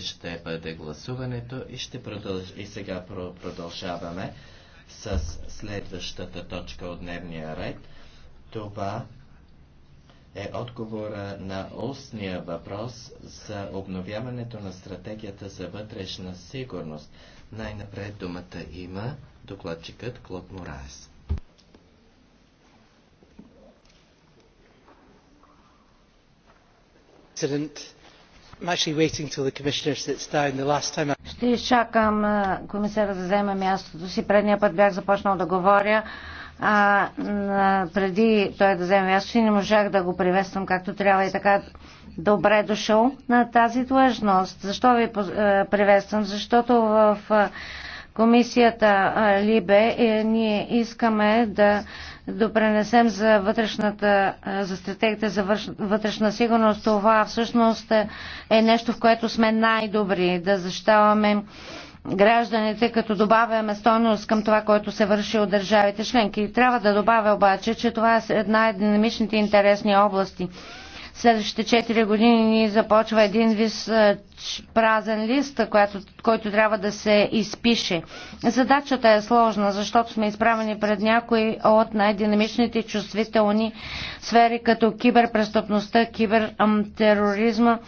ще бъде гласуването и ще продълж... и сега продължаваме с следващата точка от дневния ред. Това е отговора на устния въпрос за обновяването на стратегията за вътрешна сигурност. Най-напред думата има докладчикът Клод Мораес. Excellent. Ще изчакам комисара да вземе мястото си. Предния път бях започнал да говоря, а преди той да вземе мястото си не можах да го приветствам както трябва и така добре дошъл на тази длъжност. Защо ви приветствам? Защото в комисията Либе е, ние искаме да допренесем за вътрешната, за стратегията за вътрешна сигурност, това всъщност е нещо, в което сме най-добри, да защитаваме гражданите, като добавяме стойност към това, което се върши от държавите членки. Трябва да добавя обаче, че това е една от динамичните интересни области следващите 4 години ни започва един вис празен лист, който, който трябва да се изпише. Задачата е сложна, защото сме изправени пред някои от най-динамичните чувствителни сфери, като киберпрестъпността, кибертероризма,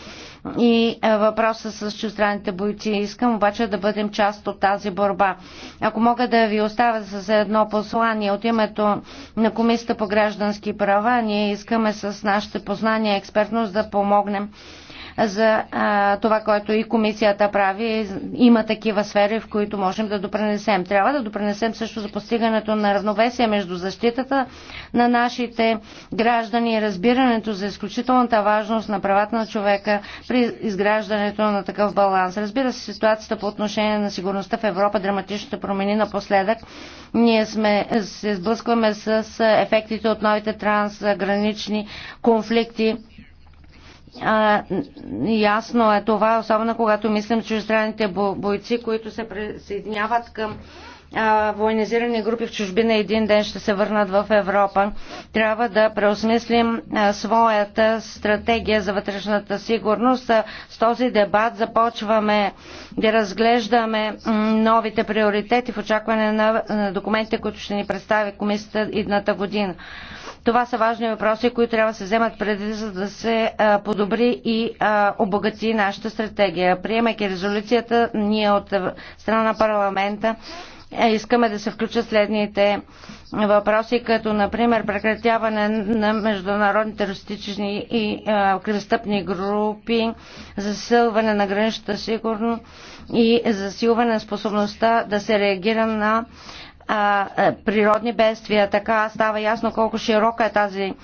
и е, въпроса с чуждраните бойци. Искам обаче да бъдем част от тази борба. Ако мога да ви оставя с едно послание от името на Комисията по граждански права, ние искаме с нашите познания и експертност да помогнем за а, това, което и комисията прави. Има такива сфери, в които можем да допренесем. Трябва да допренесем също за постигането на равновесие между защитата на нашите граждани и разбирането за изключителната важност на правата на човека при изграждането на такъв баланс. Разбира се, ситуацията по отношение на сигурността в Европа драматично се промени напоследък. Ние сме, се сблъскваме с ефектите от новите трансгранични конфликти а, ясно е това, особено когато мислим чуждестранните бойци, които се присъединяват към а, военизирани групи в чужбина един ден ще се върнат в Европа. Трябва да преосмислим а, своята стратегия за вътрешната сигурност. А, с този дебат започваме да разглеждаме новите приоритети в очакване на, на документите, които ще ни представи комисията идната година. Това са важни въпроси, които трябва да се вземат преди, за да се подобри и обогати нашата стратегия. Приемайки резолюцията, ние от страна на парламента е, искаме да се включат следните въпроси, като например прекратяване на международни терористични и престъпни групи, засилване на граничната сигурност и засилване на способността да се реагира на а, природни бедствия. Така става ясно колко широка е тази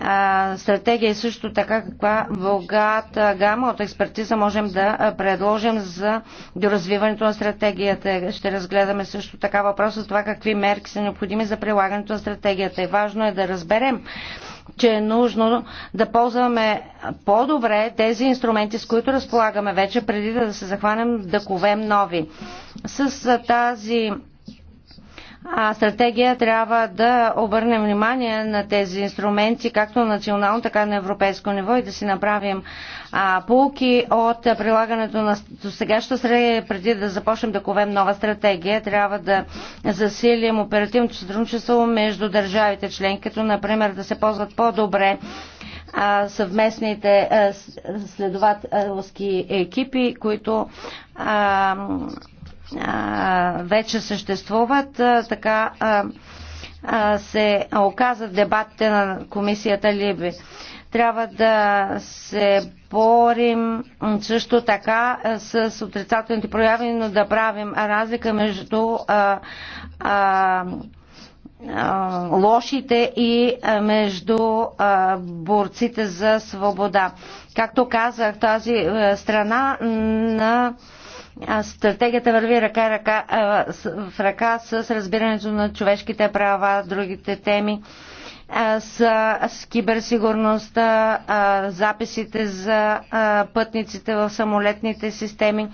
а, стратегия и също така каква богата гама от експертиза можем да предложим за доразвиването на стратегията. Ще разгледаме също така въпроса за това какви мерки са необходими за прилагането на стратегията. И важно е да разберем че е нужно да ползваме по-добре тези инструменти, с които разполагаме вече, преди да се захванем да ковем нови. С тази стратегия трябва да обърнем внимание на тези инструменти, както на национално, така и на европейско ниво и да си направим а, полки от прилагането на сегащата среда, преди да започнем да ковем нова стратегия. Трябва да засилим оперативното сътрудничество между държавите членки, като например да се ползват по-добре а, съвместните а, следователски екипи, които а, вече съществуват. Така се оказа в дебатите на комисията Либи. Трябва да се борим също така с отрицателните прояви, но да правим разлика между а, а, а, лошите и между а, борците за свобода. Както казах, тази страна на а, Стратегията върви ръка, ръка, в ръка с разбирането на човешките права, другите теми с, с киберсигурността, записите за пътниците в самолетните системи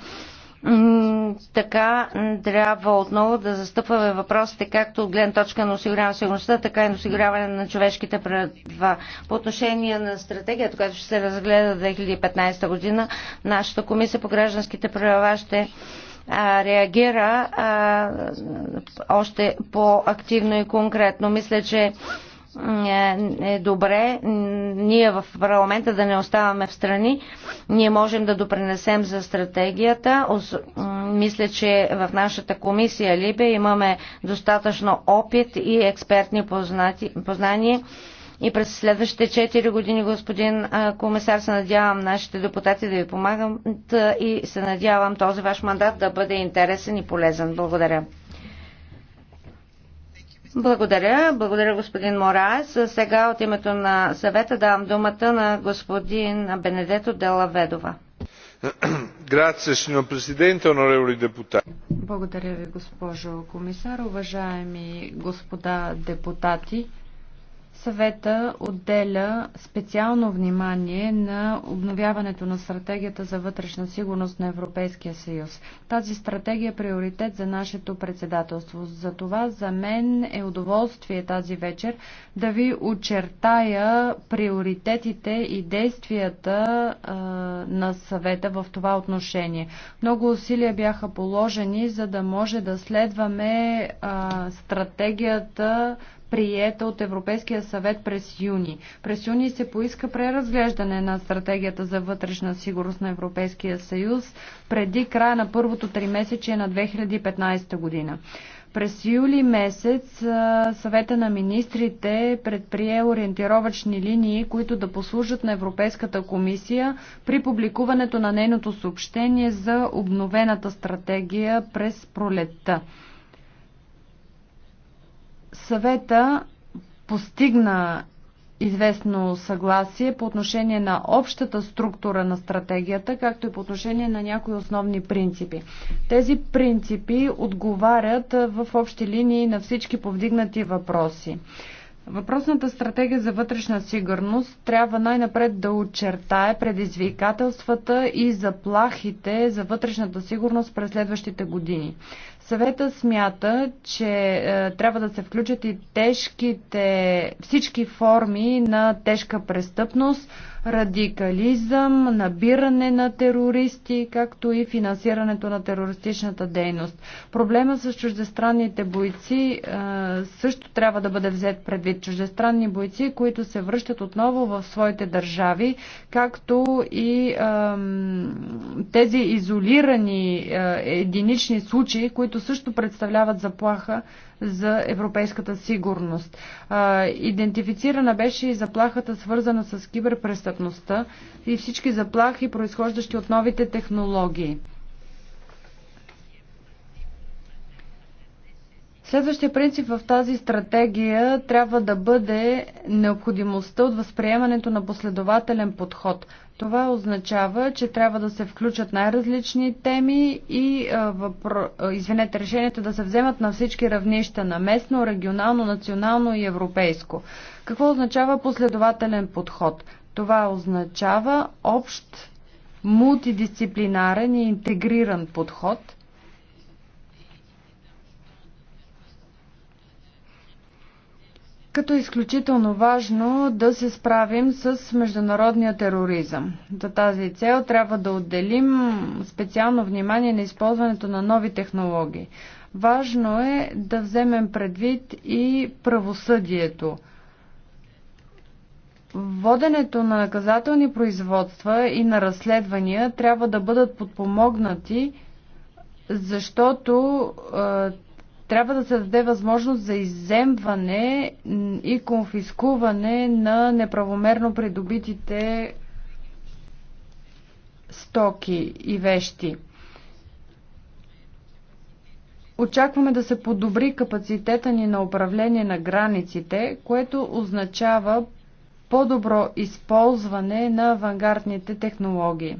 така трябва отново да застъпваме въпросите както от гледна точка на осигуряване на сигурността, така и на осигуряване на човешките права. По отношение на стратегията, която ще се разгледа 2015 година, нашата комисия по гражданските права ще а, реагира а, още по-активно и конкретно. Мисля, че е, е добре ние в парламента да не оставаме в страни. Ние можем да допринесем за стратегията. Мисля, че в нашата комисия Либе имаме достатъчно опит и експертни познания. И през следващите 4 години, господин комисар, се надявам нашите депутати да ви помагат и се надявам този ваш мандат да бъде интересен и полезен. Благодаря. Благодаря. Благодаря, господин Мораес. Сега от името на съвета давам думата на господин Бенедето Делаведова. Благодаря ви, госпожо комисар. Уважаеми господа депутати, Съвета отделя специално внимание на обновяването на стратегията за вътрешна сигурност на Европейския съюз. Тази стратегия е приоритет за нашето председателство. това за мен е удоволствие тази вечер да ви очертая приоритетите и действията а, на съвета в това отношение. Много усилия бяха положени, за да може да следваме а, стратегията приета от Европейския съвет през юни. През юни се поиска преразглеждане на стратегията за вътрешна сигурност на Европейския съюз преди края на първото три месече на 2015 година. През юли месец съвета на министрите предприе ориентировачни линии, които да послужат на Европейската комисия при публикуването на нейното съобщение за обновената стратегия през пролетта. Съвета постигна известно съгласие по отношение на общата структура на стратегията, както и по отношение на някои основни принципи. Тези принципи отговарят в общи линии на всички повдигнати въпроси. Въпросната стратегия за вътрешна сигурност трябва най-напред да очертае предизвикателствата и заплахите за вътрешната сигурност през следващите години. Съвета смята, че е, трябва да се включат и тежките, всички форми на тежка престъпност, радикализъм, набиране на терористи, както и финансирането на терористичната дейност. Проблема с чуждестранните бойци е, също трябва да бъде взет предвид. Чуждестранни бойци, които се връщат отново в своите държави, както и тези изолирани е, единични случаи, които също представляват заплаха за европейската сигурност. Идентифицирана беше и заплахата свързана с киберпрестъпността и всички заплахи, произхождащи от новите технологии. Следващия принцип в тази стратегия трябва да бъде необходимостта от възприемането на последователен подход – това означава, че трябва да се включат най-различни теми и въпро... извинете, решенията да се вземат на всички равнища на местно, регионално, национално и европейско. Какво означава последователен подход? Това означава общ мултидисциплинарен и интегриран подход – като е изключително важно да се справим с международния тероризъм. За тази цел трябва да отделим специално внимание на използването на нови технологии. Важно е да вземем предвид и правосъдието. Воденето на наказателни производства и на разследвания трябва да бъдат подпомогнати, защото е, трябва да се даде възможност за иземване и конфискуване на неправомерно придобитите стоки и вещи. Очакваме да се подобри капацитета ни на управление на границите, което означава по-добро използване на авангардните технологии.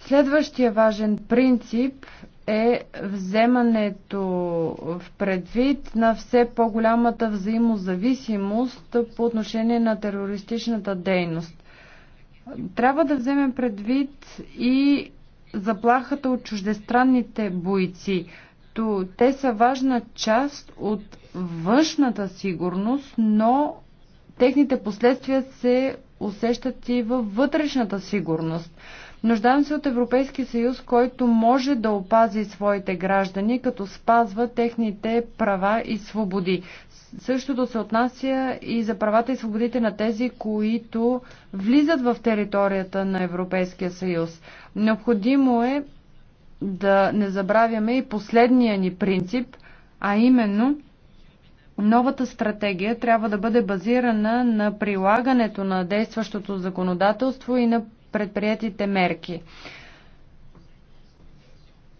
Следващия важен принцип е вземането в предвид на все по-голямата взаимозависимост по отношение на терористичната дейност. Трябва да вземем предвид и заплахата от чуждестранните бойци. те са важна част от външната сигурност, но техните последствия се усещат и във вътрешната сигурност. Нуждаем се от Европейски съюз, който може да опази своите граждани, като спазва техните права и свободи. Същото се отнася и за правата и свободите на тези, които влизат в територията на Европейския съюз. Необходимо е да не забравяме и последния ни принцип, а именно новата стратегия трябва да бъде базирана на прилагането на действащото законодателство и на предприятите мерки.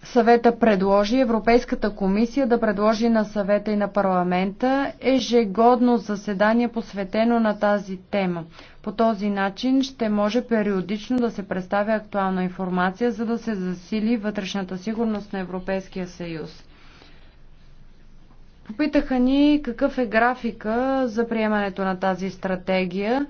Съвета предложи Европейската комисия да предложи на съвета и на парламента ежегодно заседание посветено на тази тема. По този начин ще може периодично да се представя актуална информация, за да се засили вътрешната сигурност на Европейския съюз. Попитаха ни какъв е графика за приемането на тази стратегия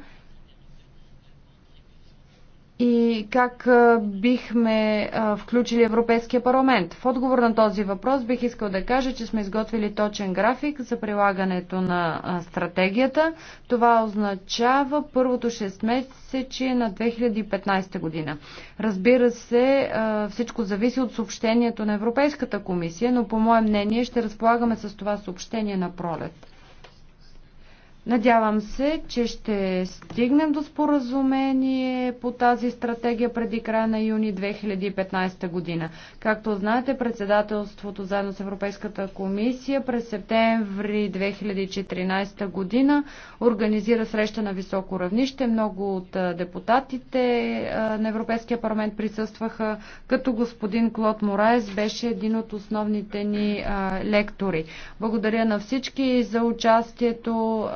и как бихме включили Европейския парламент. В отговор на този въпрос бих искал да кажа, че сме изготвили точен график за прилагането на стратегията. Това означава първото 6 месече на 2015 година. Разбира се, всичко зависи от съобщението на Европейската комисия, но по мое мнение ще разполагаме с това съобщение на пролет. Надявам се, че ще стигнем до споразумение по тази стратегия преди края на юни 2015 година. Както знаете, председателството заедно с Европейската комисия през септември 2014 година организира среща на високо равнище. Много от депутатите на Европейския парламент присъстваха, като господин Клод Мораес беше един от основните ни лектори. Благодаря на всички за участието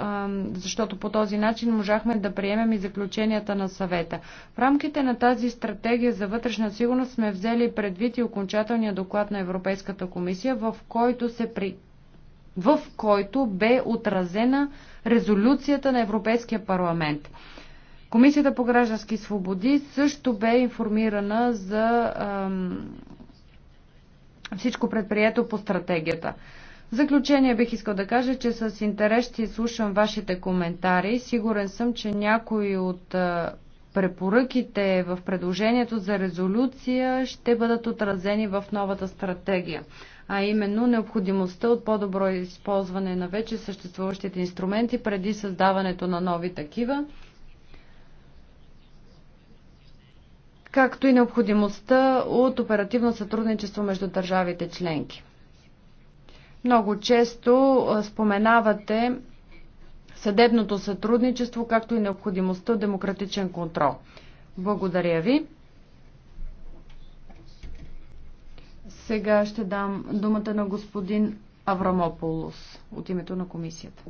защото по този начин можахме да приемем и заключенията на съвета. В рамките на тази стратегия за вътрешна сигурност сме взели предвид и окончателния доклад на Европейската комисия, в който се при в който бе отразена резолюцията на Европейския парламент. Комисията по граждански свободи също бе информирана за ам, всичко предприето по стратегията. В заключение бих искал да кажа, че с интерес ще слушам вашите коментари. Сигурен съм, че някои от препоръките в предложението за резолюция ще бъдат отразени в новата стратегия, а именно необходимостта от по-добро използване на вече съществуващите инструменти преди създаването на нови такива, както и необходимостта от оперативно сътрудничество между държавите членки. Много често споменавате съдебното сътрудничество, както и необходимостта от демократичен контрол. Благодаря ви. Сега ще дам думата на господин Аврамополос от името на комисията.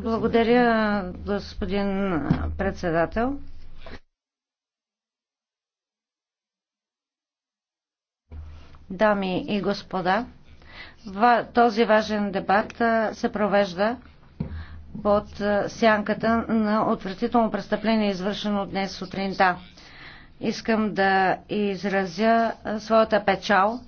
Благодаря, господин председател. дами и господа, този важен дебат се провежда под сянката на отвратително престъпление, извършено днес сутринта. Искам да изразя своята печал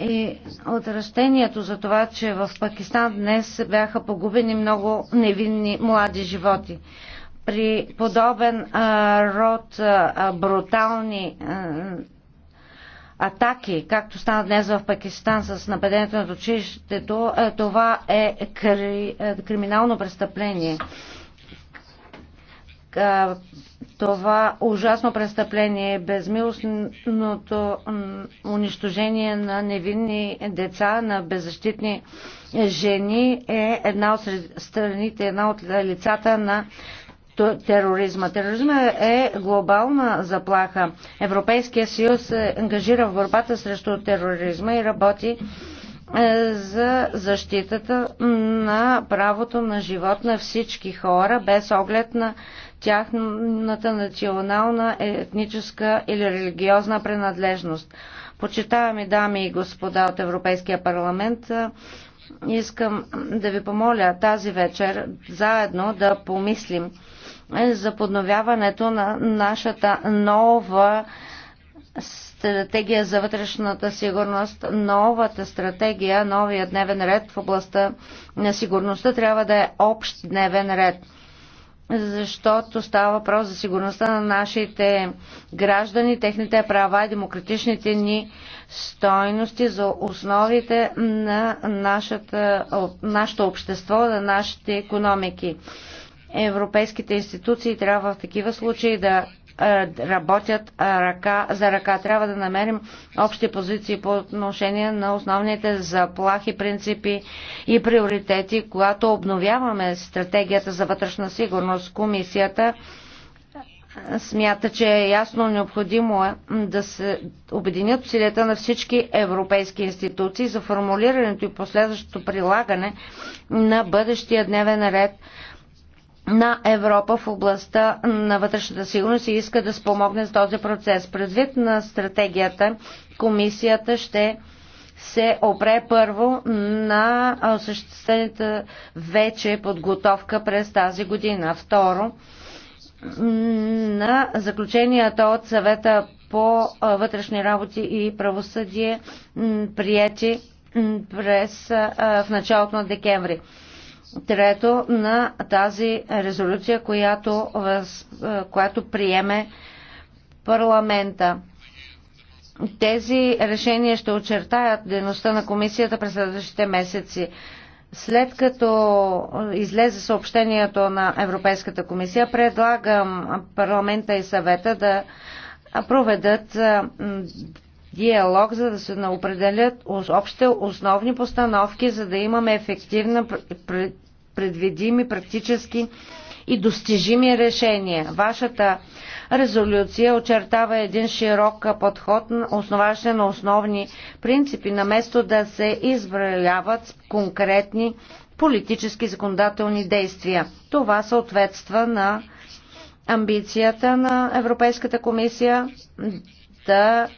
и отвращението за това, че в Пакистан днес бяха погубени много невинни млади животи. При подобен а, род а, брутални а, атаки, както стана днес в Пакистан с нападението на училището, е, това е кри, е, криминално престъпление. Това ужасно престъпление, е безмилостното унищожение на невинни деца, на беззащитни жени е една от страните, една от лицата на тероризма. Тероризма е глобална заплаха. Европейския съюз се ангажира в борбата срещу тероризма и работи е, за защитата на правото на живот на всички хора, без оглед на тяхната национална, етническа или религиозна принадлежност. Почитаваме дами и господа от Европейския парламент, е, искам да ви помоля тази вечер заедно да помислим за подновяването на нашата нова стратегия за вътрешната сигурност, новата стратегия, новия дневен ред в областта на сигурността трябва да е общ дневен ред защото става въпрос за сигурността на нашите граждани, техните права и демократичните ни стойности за основите на нашата, нашето общество, на нашите економики. Европейските институции трябва в такива случаи да работят ръка за ръка. Трябва да намерим общи позиции по отношение на основните заплахи, принципи и приоритети, когато обновяваме стратегията за вътрешна сигурност. Комисията смята, че е ясно необходимо е да се обединят усилията на всички европейски институции за формулирането и последващото прилагане на бъдещия дневен ред на Европа в областта на вътрешната сигурност и иска да спомогне с този процес. Предвид на стратегията, комисията ще се опре първо на осъществената вече подготовка през тази година. Второ, на заключенията от съвета по вътрешни работи и правосъдие, прияти през, в началото на декември трето на тази резолюция, която, която приеме парламента. Тези решения ще очертаят дейността на комисията през следващите месеци. След като излезе съобщението на Европейската комисия, предлагам парламента и съвета да проведат диалог, за да се определят общите основни постановки, за да имаме ефективни, предвидими практически и достижими решения. Вашата резолюция очертава един широк подход, основаващ на основни принципи, наместо да се избраляват конкретни политически законодателни действия. Това съответства на амбицията на Европейската комисия да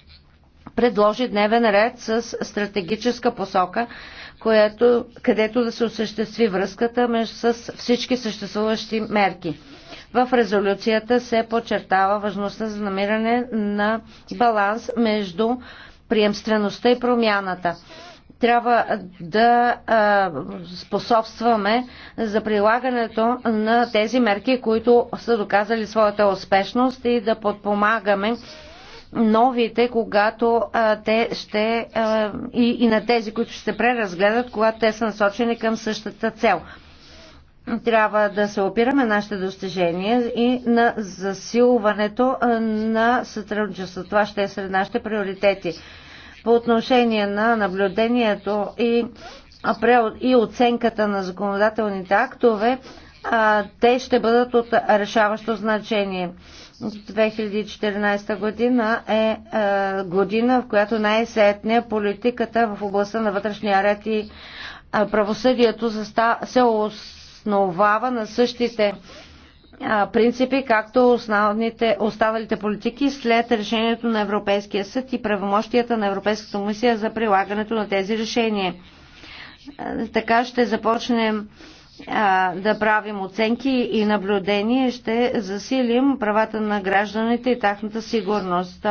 предложи дневен ред с стратегическа посока, което, където да се осъществи връзката между с всички съществуващи мерки. В резолюцията се подчертава важността за намиране на баланс между приемствеността и промяната трябва да а, способстваме за прилагането на тези мерки, които са доказали своята успешност и да подпомагаме новите, когато а, те ще а, и, и на тези, които ще се преразгледат, когато те са насочени към същата цел. Трябва да се опираме нашите достижения и на засилването на сътрудничество. Това ще е сред нашите приоритети. По отношение на наблюдението и, и оценката на законодателните актове, а, те ще бъдат от решаващо значение. 2014 година е, е година, в която най-сетне политиката в областта на вътрешния ред и е, правосъдието се основава на същите е, принципи, както основните, останалите политики след решението на Европейския съд и правомощията на Европейската комисия за прилагането на тези решения. Е, така ще започнем да правим оценки и наблюдение, ще засилим правата на гражданите и тяхната сигурност.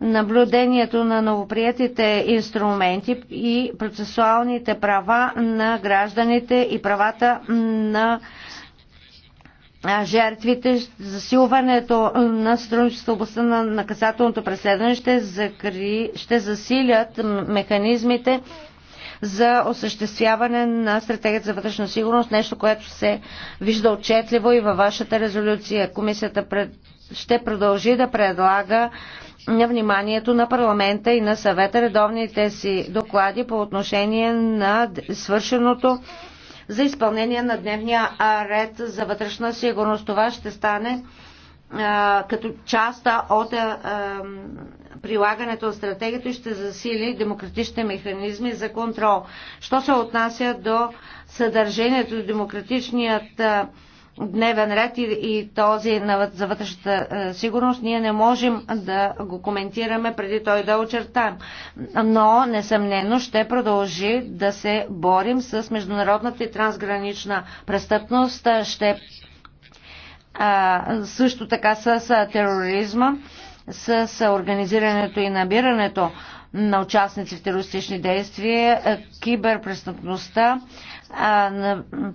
Наблюдението на новоприятите инструменти и процесуалните права на гражданите и правата на жертвите, засилването на сътрудничество в областта на наказателното преследване ще, закри, ще засилят механизмите за осъществяване на стратегията за вътрешна сигурност, нещо, което се вижда отчетливо и във вашата резолюция. Комисията пред... ще продължи да предлага на вниманието на парламента и на съвета редовните си доклади по отношение на свършеното за изпълнение на дневния ред за вътрешна сигурност. Това ще стане а, като част от а, прилагането на стратегията и ще засили демократичните механизми за контрол. Що се отнася до съдържанието на демократичният дневен ред и, и този на, за вътрешната е, сигурност, ние не можем да го коментираме преди той да е очертаем. Но, несъмнено, ще продължи да се борим с международната и трансгранична престъпност, ще а, също така с тероризма с организирането и набирането на участници в терористични действия, е, киберпрестъпността, е,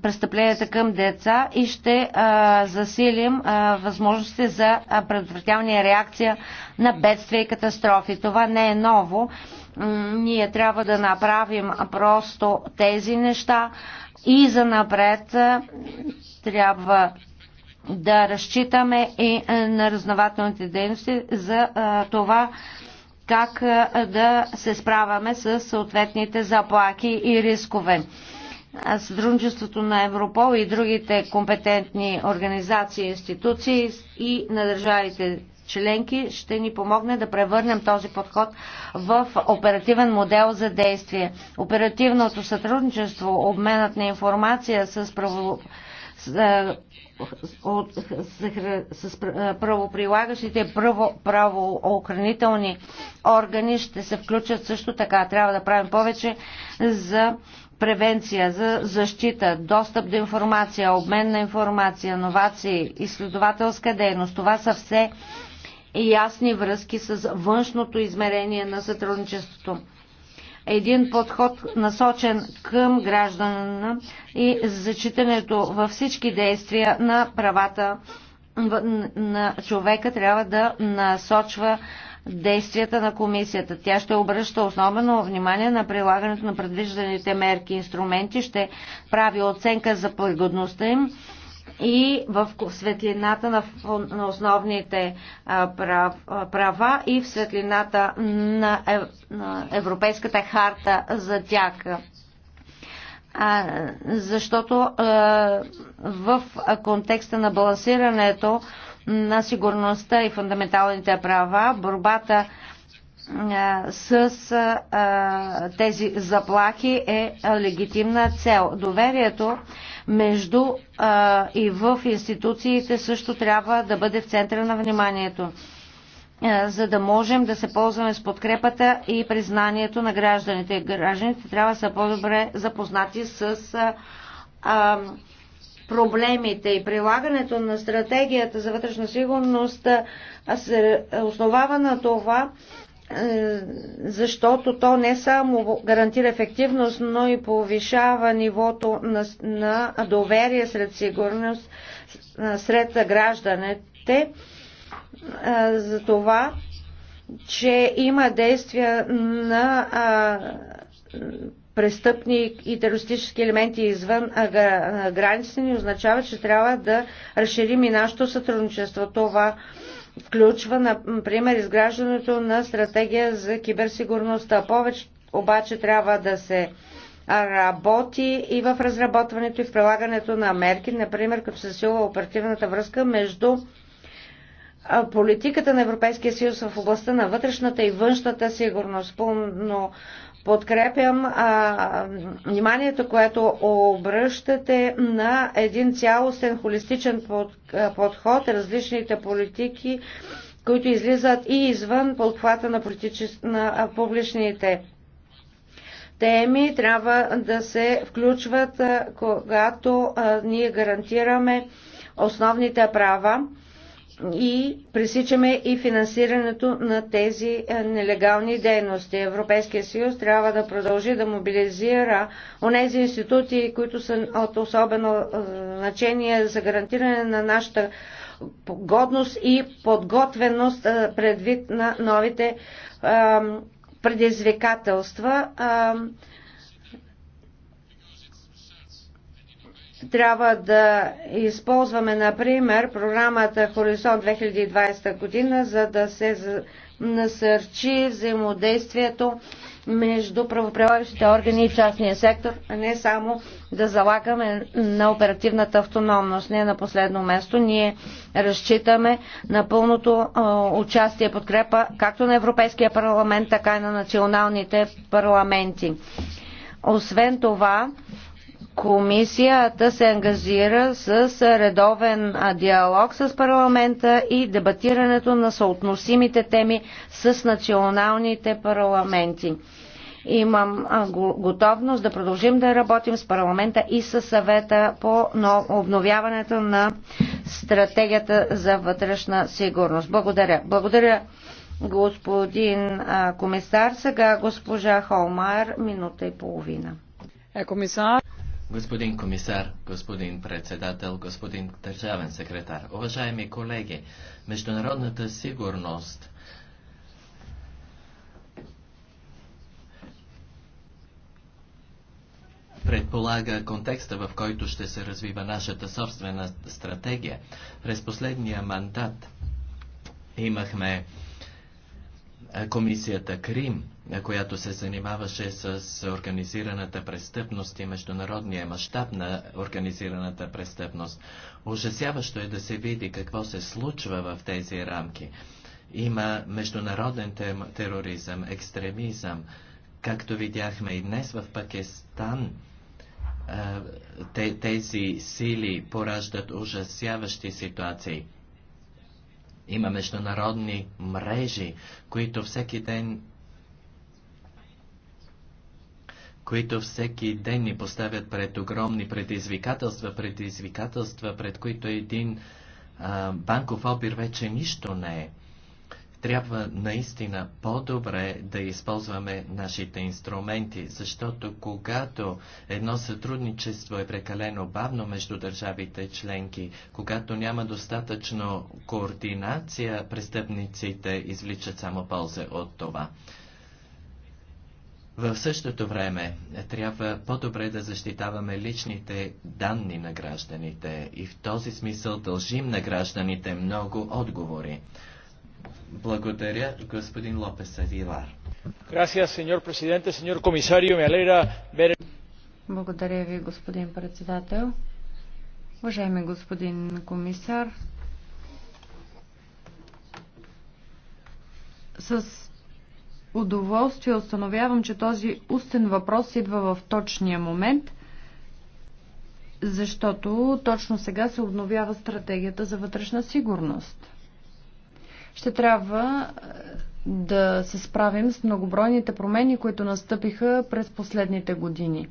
престъпленията към деца и ще е, засилим възможностите за предотвратяване реакция на бедствия и катастрофи. Това не е ново. Ние трябва да направим просто тези неща и за напред трябва да разчитаме и е, на разнователните дейности за е, това как е, да се справяме с съответните заплаки и рискове. Съдружничеството на Европол и другите компетентни организации и институции и на държавите членки ще ни помогне да превърнем този подход в оперативен модел за действие. Оперативното сътрудничество, обменът на информация с право от, с, с правоприлагащите правоохранителни органи ще се включат също така. Трябва да правим повече за превенция, за защита, достъп до информация, обмен на информация, новации, изследователска дейност. Това са все ясни връзки с външното измерение на сътрудничеството един подход насочен към гражданина и зачитането във всички действия на правата на човека трябва да насочва действията на комисията. Тя ще обръща основно внимание на прилагането на предвижданите мерки и инструменти, ще прави оценка за пригодността им и в светлината на, на основните прав, права и в светлината на, ев, на Европейската харта за тях. А, защото а, в контекста на балансирането на сигурността и фундаменталните права, борбата с а, тези заплахи е легитимна цел. Доверието между а, и в институциите също трябва да бъде в центъра на вниманието за да можем да се ползваме с подкрепата и признанието на гражданите. Гражданите трябва да са по-добре запознати с а, проблемите и прилагането на стратегията за вътрешна сигурност се основава на това, е, защото то не само гарантира ефективност, но и повишава нивото на, на доверие сред сигурност, сред гражданите е, за това, че има действия на а, престъпни и терористически елементи извън границите ни означава, че трябва да разширим и нашето сътрудничество. Това а, включва, например, изграждането на стратегия за киберсигурността. Повече обаче трябва да се работи и в разработването и в прилагането на мерки, например, като се силва оперативната връзка между политиката на Европейския съюз в областта на вътрешната и външната сигурност. Пълно Подкрепям а, вниманието, което обръщате на един цялостен холистичен под, подход, различните политики, които излизат и извън подхвата на, на публичните теми, трябва да се включват, когато ние гарантираме основните права и пресичаме и финансирането на тези е, нелегални дейности. Европейския съюз трябва да продължи да мобилизира онези институти, които са от особено е, значение за гарантиране на нашата годност и подготвеност е, предвид на новите предизвикателства. трябва да използваме, например, програмата Хоризонт 2020 година, за да се насърчи взаимодействието между правоприлагащите органи и частния сектор, а не само да залагаме на оперативната автономност. Не на последно место. Ние разчитаме на пълното участие и подкрепа както на Европейския парламент, така и на националните парламенти. Освен това, Комисията се ангазира с редовен диалог с парламента и дебатирането на съотносимите теми с националните парламенти. Имам готовност да продължим да работим с парламента и с съвета по обновяването на стратегията за вътрешна сигурност. Благодаря. Благодаря, господин комисар. Сега госпожа Холмар, минута и половина. Е, комисар. Господин комисар, господин председател, господин държавен секретар, уважаеми колеги, международната сигурност предполага контекста, в който ще се развива нашата собствена стратегия. През последния мандат имахме комисията Крим, която се занимаваше с организираната престъпност и международния мащаб на организираната престъпност. Ужасяващо е да се види какво се случва в тези рамки. Има международен тероризъм, екстремизъм, както видяхме и днес в Пакистан тези сили пораждат ужасяващи ситуации. Има международни мрежи, които всеки ден които всеки ден ни поставят пред огромни предизвикателства, предизвикателства, пред които един а, банков опир вече нищо не е. Трябва наистина по-добре да използваме нашите инструменти, защото когато едно сътрудничество е прекалено бавно между държавите членки, когато няма достатъчно координация, престъпниците извличат само полза от това. В същото време е, трябва по-добре да защитаваме личните данни на гражданите и в този смисъл дължим на гражданите много отговори. Благодаря, господин Лопес Авилар. Благодаря ви, господин председател. Уважаеми господин комисар, с удоволствие установявам, че този устен въпрос идва в точния момент, защото точно сега се обновява стратегията за вътрешна сигурност ще трябва е, да се справим с многобройните промени, които настъпиха през последните години.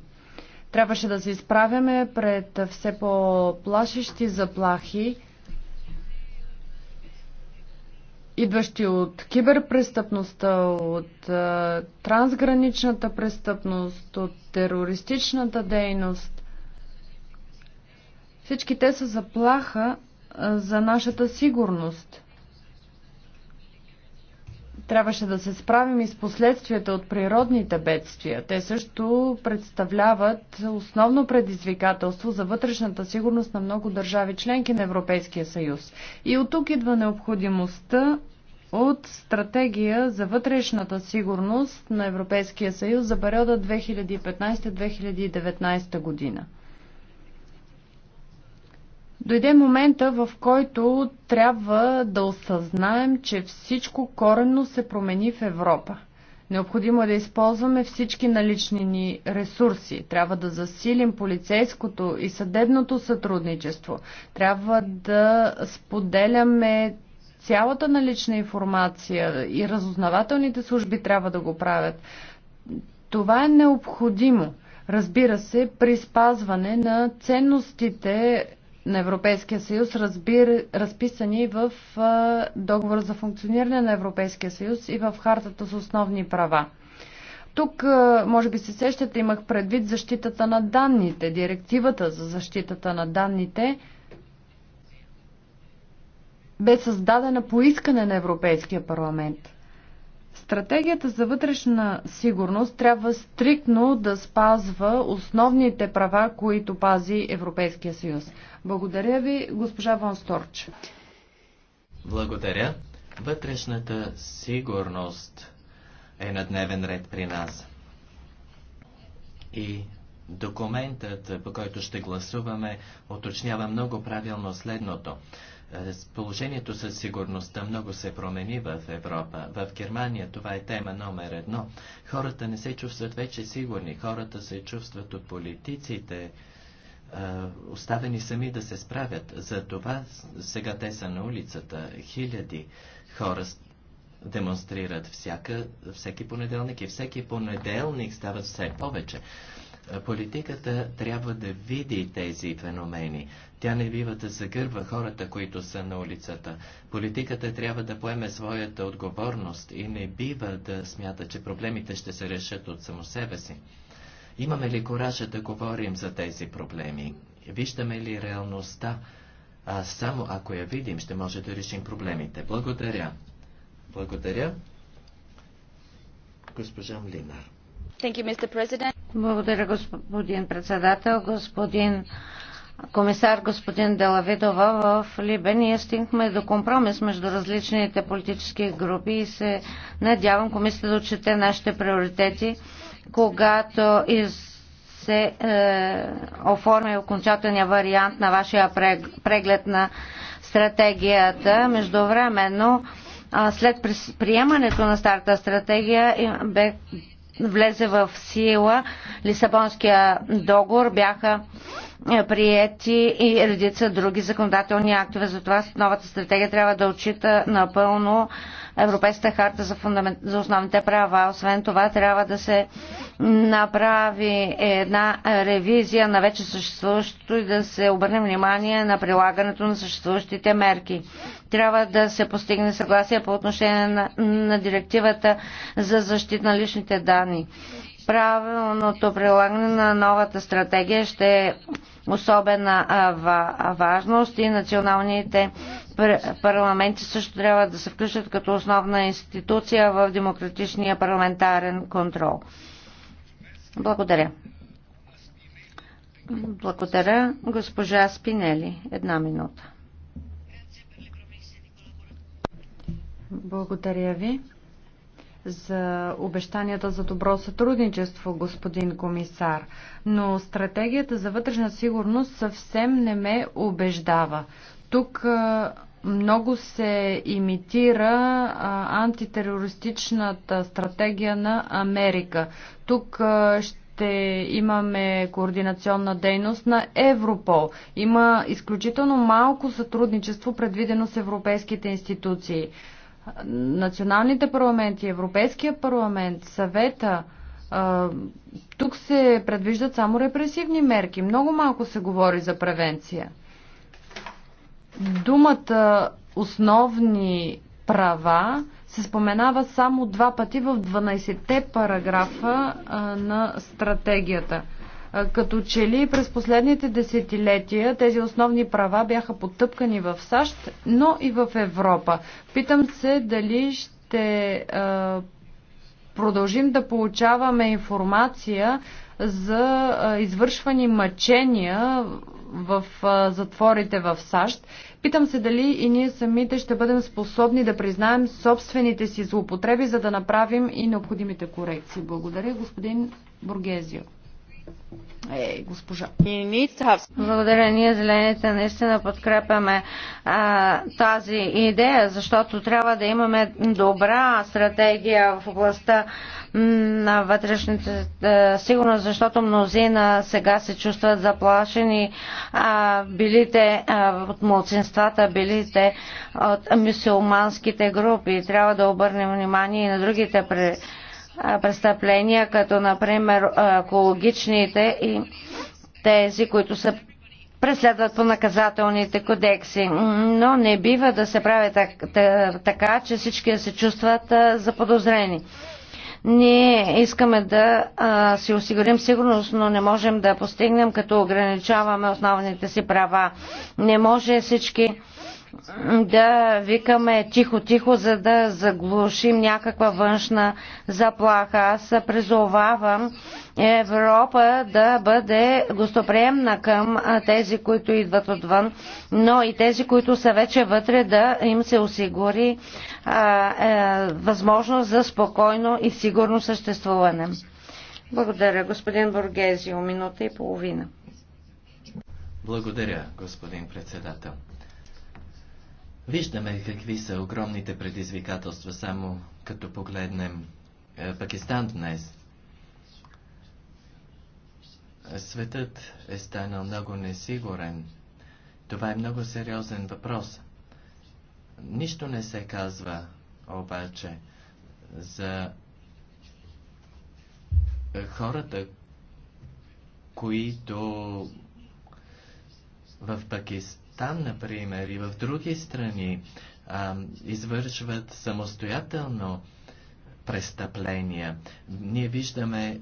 Трябваше да се изправяме пред все по-плашещи заплахи, идващи от киберпрестъпността, от а, е, трансграничната престъпност, от терористичната дейност. Всички те са заплаха а, е, за нашата сигурност – трябваше да се справим и с последствията от природните бедствия. Те също представляват основно предизвикателство за вътрешната сигурност на много държави членки на Европейския съюз. И от тук идва необходимостта от стратегия за вътрешната сигурност на Европейския съюз за периода 2015-2019 година. Дойде момента, в който трябва да осъзнаем, че всичко коренно се промени в Европа. Необходимо е да използваме всички налични ни ресурси. Трябва да засилим полицейското и съдебното сътрудничество. Трябва да споделяме цялата налична информация и разузнавателните служби трябва да го правят. Това е необходимо. Разбира се, при спазване на ценностите на Европейския съюз, разбир, разписани в договор за функциониране на Европейския съюз и в хартата с основни права. Тук, може би се сещате, имах предвид защитата на данните, директивата за защитата на данните бе създадена по искане на Европейския парламент – Стратегията за вътрешна сигурност трябва стриктно да спазва основните права, които пази Европейския съюз. Благодаря ви, госпожа Вон Сторч. Благодаря. Вътрешната сигурност е на дневен ред при нас. И документът, по който ще гласуваме, уточнява много правилно следното. Е, положението със сигурността много се промени в Европа. В Германия това е тема номер едно. Хората не се чувстват вече сигурни. Хората се чувстват от политиците е, оставени сами да се справят. За това сега те са на улицата. Хиляди хора демонстрират всяка, всеки понеделник и всеки понеделник стават все повече. Е, политиката трябва да види тези феномени. Тя не бива да загърва хората, които са на улицата. Политиката трябва да поеме своята отговорност и не бива да смята, че проблемите ще се решат от само себе си. Имаме ли коража да говорим за тези проблеми? Виждаме ли реалността? А само ако я видим, ще може да решим проблемите. Благодаря. Благодаря. Госпожа Млинар. Thank you, Mr. President. Благодаря, господин председател, господин комисар, господин Делавидова. В Либе ние стигнахме до компромис между различните политически групи и се надявам комисията да отчете нашите приоритети, когато из се е, оформи окончателния вариант на вашия преглед на стратегията. Междувременно, след приемането на старта стратегия, бе влезе в сила Лисабонския договор, бяха е, приети и редица други законодателни актове. Затова новата стратегия трябва да отчита напълно Европейската харта за, фундамент... за основните права. Освен това, трябва да се направи една ревизия на вече съществуващото и да се обърне внимание на прилагането на съществуващите мерки. Трябва да се постигне съгласие по отношение на, на директивата за защита на личните данни. Правилното прилагане на новата стратегия ще особена важност и националните парламенти също трябва да се включат като основна институция в демократичния парламентарен контрол. Благодаря. Благодаря. Госпожа Спинели, една минута. Благодаря ви за обещанията за добро сътрудничество, господин комисар, но стратегията за вътрешна сигурност съвсем не ме убеждава. Тук много се имитира антитерористичната стратегия на Америка. Тук ще ще имаме координационна дейност на Европол. Има изключително малко сътрудничество, предвидено с европейските институции националните парламенти, Европейския парламент, съвета, тук се предвиждат само репресивни мерки. Много малко се говори за превенция. Думата основни права се споменава само два пъти в 12-те параграфа на стратегията. Като че ли през последните десетилетия тези основни права бяха потъпкани в САЩ, но и в Европа. Питам се дали ще продължим да получаваме информация за извършвани мъчения в затворите в САЩ. Питам се дали и ние самите ще бъдем способни да признаем собствените си злоупотреби, за да направим и необходимите корекции. Благодаря, господин Бургезио. Е, госпожа. Благодаря. Ние зелените наистина подкрепяме а, тази идея, защото трябва да имаме добра стратегия в областта на вътрешната е, сигурност, защото мнозина сега се чувстват заплашени, а, билите а, от младсинствата, билите от мусулманските групи. Трябва да обърнем внимание и на другите пред престъпления, като например екологичните и тези, които се преследват по наказателните кодекси. Но не бива да се прави така, че всички се чувстват заподозрени. Ние искаме да а, си осигурим сигурност, но не можем да постигнем, като ограничаваме основните си права. Не може всички да викаме тихо-тихо, за да заглушим някаква външна заплаха. Аз призовавам Европа да бъде гостоприемна към тези, които идват отвън, но и тези, които са вече вътре, да им се осигури а, а, е, възможност за спокойно и сигурно съществуване. Благодаря, господин Боргезио. Минута и половина. Благодаря, господин председател. Виждаме какви са огромните предизвикателства, само като погледнем е, Пакистан днес. Светът е станал много несигурен. Това е много сериозен въпрос. Нищо не се казва обаче за е, хората, които в Пакистан там, например, и в други страни а, извършват самостоятелно престъпления. Ние виждаме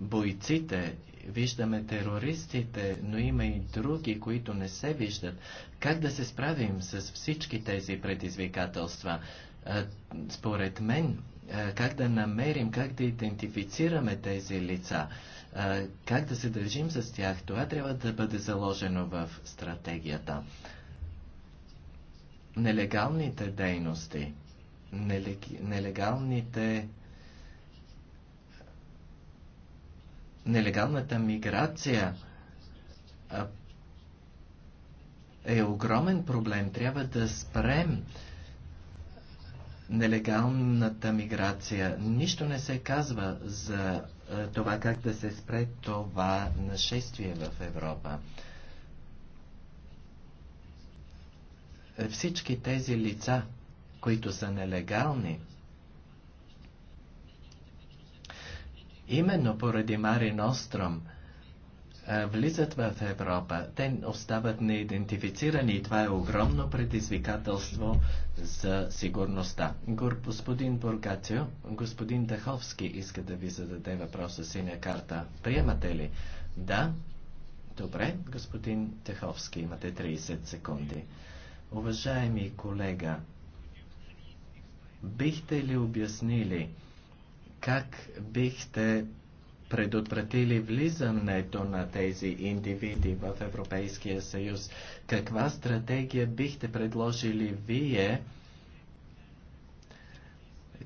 бойците, виждаме терористите, но има и други, които не се виждат. Как да се справим с всички тези предизвикателства? Според мен, как да намерим, как да идентифицираме тези лица? как да се държим с тях, това трябва да бъде заложено в стратегията. Нелегалните дейности, нелегалните нелегалната миграция е огромен проблем. Трябва да спрем нелегалната миграция. Нищо не се казва за е, това как да се спре това нашествие в Европа. Всички тези лица, които са нелегални, именно поради Мари Ностром – е, влизат в Европа, те остават неидентифицирани и това е огромно предизвикателство за сигурността. Господин Бургацио, господин Даховски иска да ви зададе въпроса синя карта. Приемате ли? Да? Добре, господин Даховски, имате 30 секунди. Уважаеми колега, бихте ли обяснили как бихте предотвратили влизането на тези индивиди в Европейския съюз? Каква стратегия бихте предложили вие?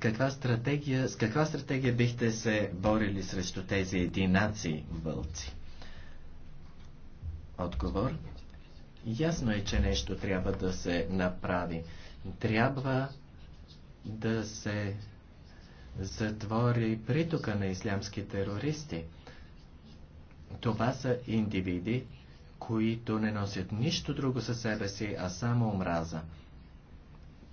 Каква стратегия, с каква стратегия бихте се борили срещу тези единаци вълци? Отговор. Ясно е, че нещо трябва да се направи. Трябва да се затвори притока на ислямски терористи. Това са индивиди, които не носят нищо друго със себе си, а само омраза.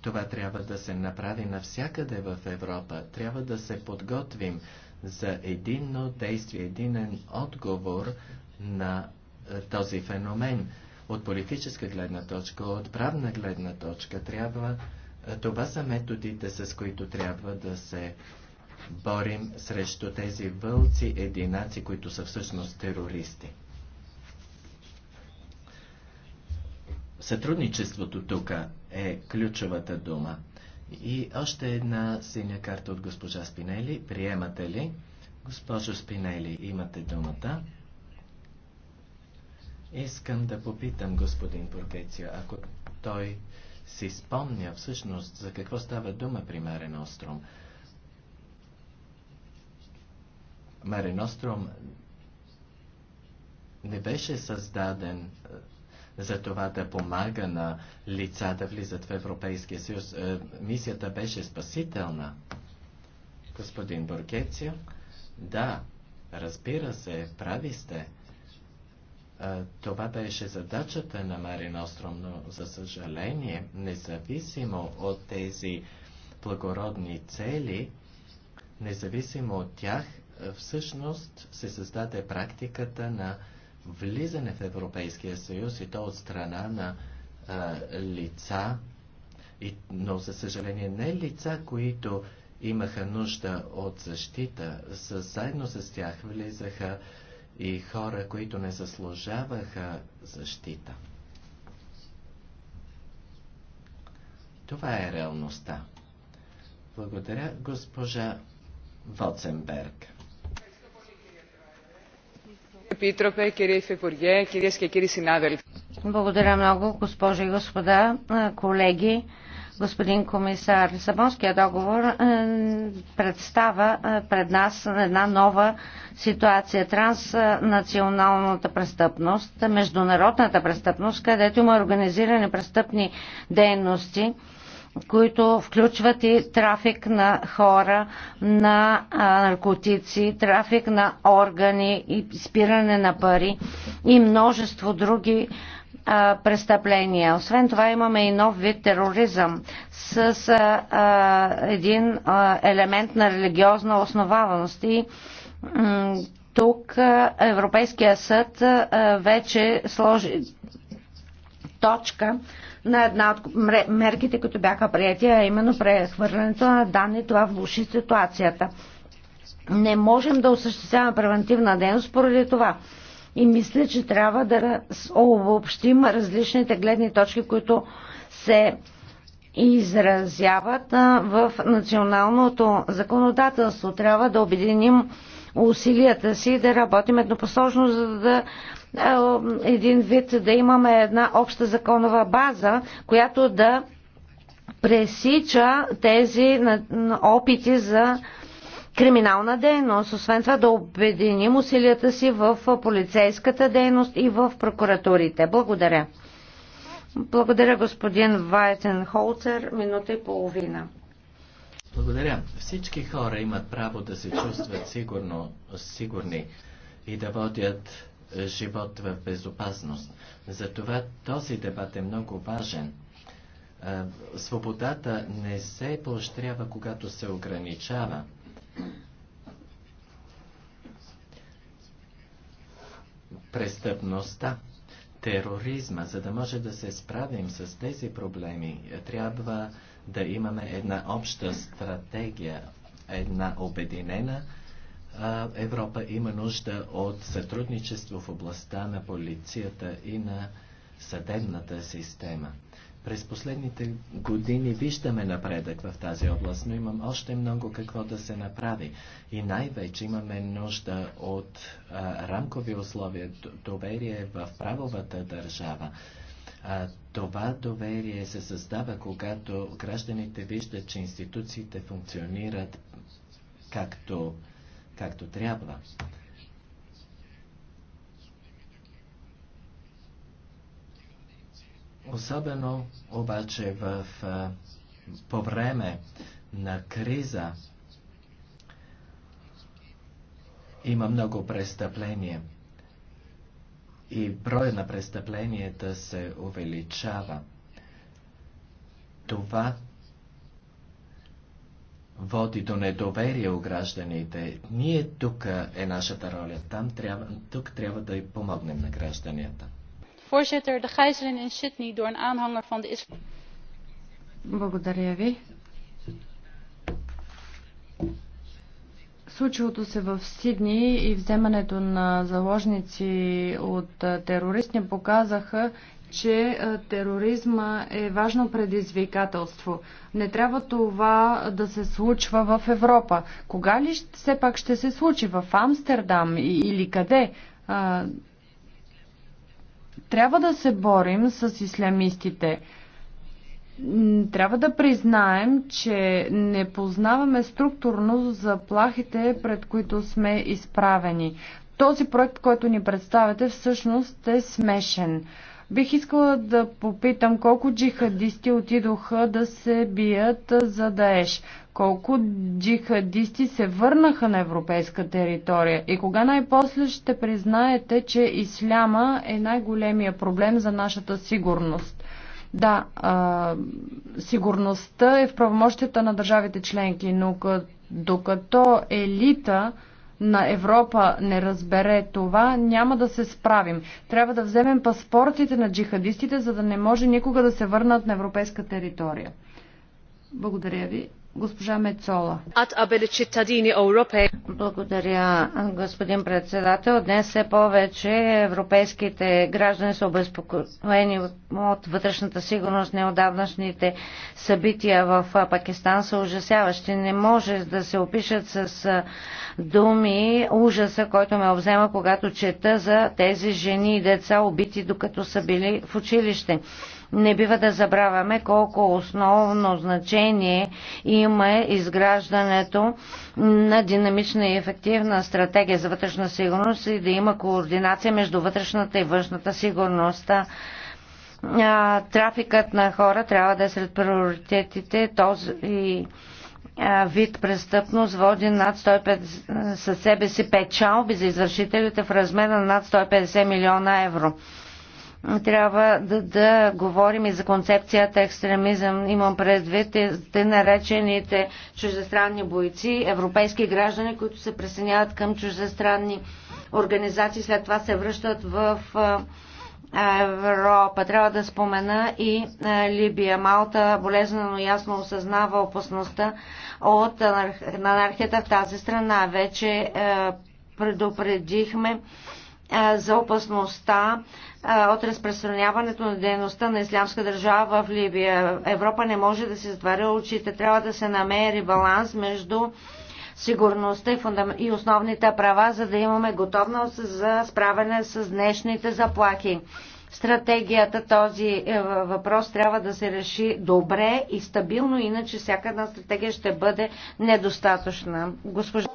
Това трябва да се направи навсякъде в Европа. Трябва да се подготвим за единно действие, единен отговор на е, този феномен. От политическа гледна точка, от правна гледна точка трябва това са методите, с които трябва да се борим срещу тези вълци, единаци, които са всъщност терористи. Сътрудничеството тук е ключовата дума. И още една синя карта от госпожа Спинели. Приемате ли? Госпожо Спинели, имате думата. Искам да попитам господин Бургецио, ако той си спомня всъщност за какво става дума при Марен Остром. Марен Остром не беше създаден е, за това да помага на лица да влизат в Европейския съюз. Е, мисията беше спасителна. Господин Боркецио, да, разбира се, прави сте. Това беше задачата на Марин Остром, но за съжаление, независимо от тези благородни цели, независимо от тях, всъщност се създаде практиката на влизане в Европейския съюз и то от страна на а, лица, и, но за съжаление не лица, които имаха нужда от защита, заедно с тях влизаха и хора, които не заслужаваха защита. Това е реалността. Благодаря, госпожа Воценберг. Благодаря много, госпожи и господа, колеги господин комисар. Лисабонския договор е, представа е, пред нас една нова ситуация. Транснационалната престъпност, международната престъпност, където има организирани престъпни дейности които включват и трафик на хора, на наркотици, трафик на органи и спиране на пари и множество други а, престъпления. Освен това имаме и нов вид тероризъм с а, а, един а, елемент на религиозна основаваност и тук а, Европейския съд а, вече сложи точка на една от мерките, които бяха приятия, а именно прехвърлянето на данни, това влуши ситуацията. Не можем да осъществяваме превентивна дейност поради това. И мисля, че трябва да обобщим различните гледни точки, които се изразяват в националното законодателство. Трябва да обединим усилията си да работим еднопосочно, за да един вид да имаме една обща законова база, която да пресича тези опити за криминална дейност. Освен това да обединим усилията си в полицейската дейност и в прокуратурите. Благодаря. Благодаря господин Вайтен Холцер. Минута и половина. Благодаря. Всички хора имат право да се чувстват сигурно, сигурни и да водят живот в безопасност. Затова този дебат е много важен. Свободата не се поощрява, когато се ограничава престъпността, тероризма, за да може да се справим с тези проблеми, трябва да имаме една обща стратегия, една обединена Европа има нужда от сътрудничество в областта на полицията и на съдебната система. През последните години виждаме напредък в тази област, но имам още много какво да се направи. И най-вече имаме нужда от а, рамкови условия, доверие в правовата държава. А, това доверие се създава, когато гражданите виждат, че институциите функционират както, както трябва. Особено обаче в, по време на криза има много престъпления и броя на престъпленията се увеличава. Това води до недоверие у гражданите. Ние тук е нашата роля. Там трябва, тук трябва да и помогнем на гражданията. Voorzitter, de gijzeling in Sydney door een aanhanger van de islam. Благодаря ви. случилото се в Сидни и вземането на заложници от терористи показаха, че тероризма е важно предизвикателство. Не трябва това да се случва в Европа. Кога ли все пак ще се случи? В Амстердам или къде? Трябва да се борим с ислямистите. Трябва да признаем, че не познаваме структурно заплахите, пред които сме изправени. Този проект, който ни представяте, всъщност е смешен. Бих искала да попитам колко джихадисти отидоха да се бият за Даеш колко джихадисти се върнаха на европейска територия и кога най-после ще признаете, че исляма е най-големия проблем за нашата сигурност. Да, а, сигурността е в правомощията на държавите членки, но докато елита на Европа не разбере това, няма да се справим. Трябва да вземем паспортите на джихадистите, за да не може никога да се върнат на европейска територия. Благодаря ви. Госпожа Мецола. Благодаря, господин председател. Днес все повече европейските граждани са обезпокоени от вътрешната сигурност. Неодавнашните събития в Пакистан са ужасяващи. Не може да се опишат с думи ужаса, който ме обзема, когато чета за тези жени и деца, убити докато са били в училище. Не бива да забравяме колко основно значение има изграждането на динамична и ефективна стратегия за вътрешна сигурност и да има координация между вътрешната и външната сигурност трафикът на хора трябва да е сред приоритетите. Този вид престъпност води над 150, със себе си печалби за извършителите в размера на над 150 милиона евро трябва да, да говорим и за концепцията екстремизъм. Имам предвид те наречените чуждестранни бойци, европейски граждани, които се присъединяват към чуждестранни организации, след това се връщат в Европа. Трябва да спомена и Либия. Малта болезнено ясно осъзнава опасността от анархията в тази страна. Вече предупредихме за опасността от разпространяването на дейността на Ислямска държава в Либия. Европа не може да се затваря очите. Трябва да се намери баланс между сигурността и, фундам... и основните права, за да имаме готовност за справяне с днешните заплахи стратегията, този е, въпрос трябва да се реши добре и стабилно, иначе всяка една стратегия ще бъде недостатъчна. Госпожа...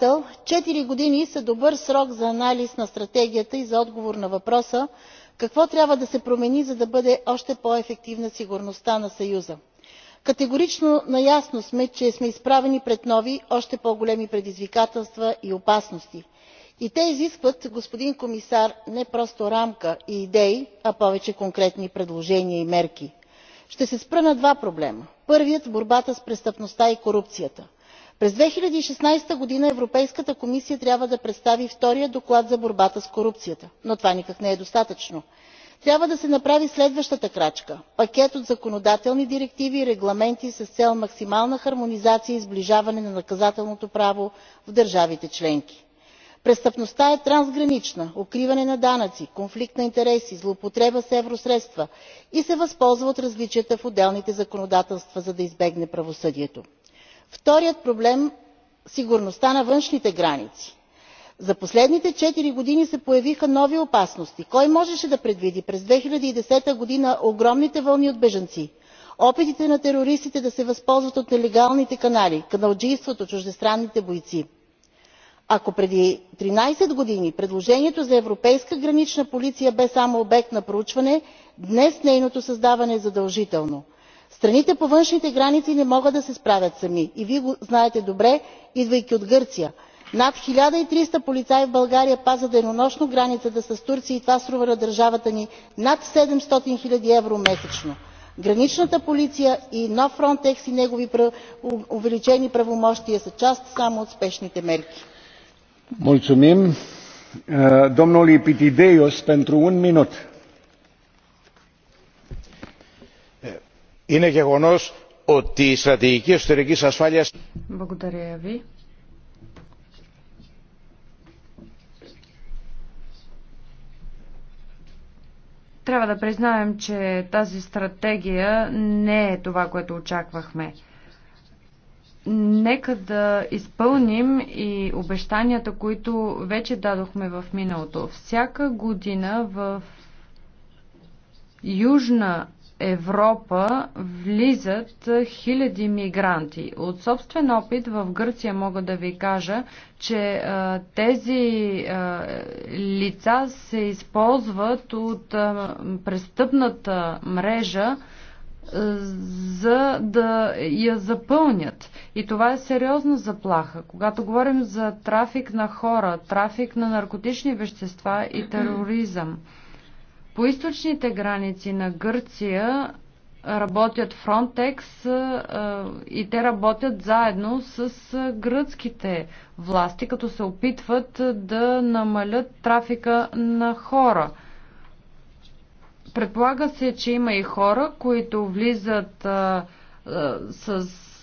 Четири години са добър срок за анализ на стратегията и за отговор на въпроса какво трябва да се промени, за да бъде още по-ефективна сигурността на Съюза. Категорично наясно сме, че сме изправени пред нови, още по-големи предизвикателства и опасности – и те изискват господин комисар не просто рамка и идеи а повече конкретни предложения и мерки. ще се спра на два проблема. първият е борбата с престъпността и корупцията. през две хиляди и шестнадесета година европейската комисия трябва да представи втория доклад за борбата с корупцията но това никак не е достатъчно. трябва да се направи следващата крачка пакет от законодателни директиви и регламенти с цел максимална хармонизация и сближаване на наказателното право в държавите членки престъпността е трансгранична укриване на данъци конфликт на интереси злоупотреба с евросредства и се възползва от различията в отделните законодателства за да избегне правосъдието. вторият проблем е сигурността на външните граници. за последните четири години се появиха нови опасности. кой можеше да предвиди през две хиляди и десета година огромните вълни от бежанци опитите на терористите да се възползват от нелегалните канали каналджийството чуждестранните бойци? ако преди тринадесет години предложението за европейска гранична полиция бе само обект на проучване днес нейното създаване е задължително. страните по външните граници не могат да се справят сами и вие го знаете добре идвайки от гърция. над хиляда и триста полицаи в българя пазят денонощно границата с турция и това струва на държавата ни над седемстотин хиляди евро месечно. граничната полиция и нов фронтекс и негови увеличени правомощия са част само от спешните мерки. Mulțumim. Domnului Pitideios pentru un minut. Είναι γεγονός ότι η στρατηγική εσωτερικής ασφάλειας... Благодаря ви. Трябва да признаем, че тази стратегия не е това, което очаквахме нека да изпълним и обещанията, които вече дадохме в миналото. Всяка година в Южна Европа влизат хиляди мигранти. От собствен опит в Гърция мога да ви кажа, че а, тези а, лица се използват от а, престъпната мрежа, за да я запълнят. И това е сериозна заплаха. Когато говорим за трафик на хора, трафик на наркотични вещества и тероризъм, по източните граници на Гърция работят Frontex и те работят заедно с гръцките власти, като се опитват да намалят трафика на хора – Предполага се, че има и хора, които влизат а, а, с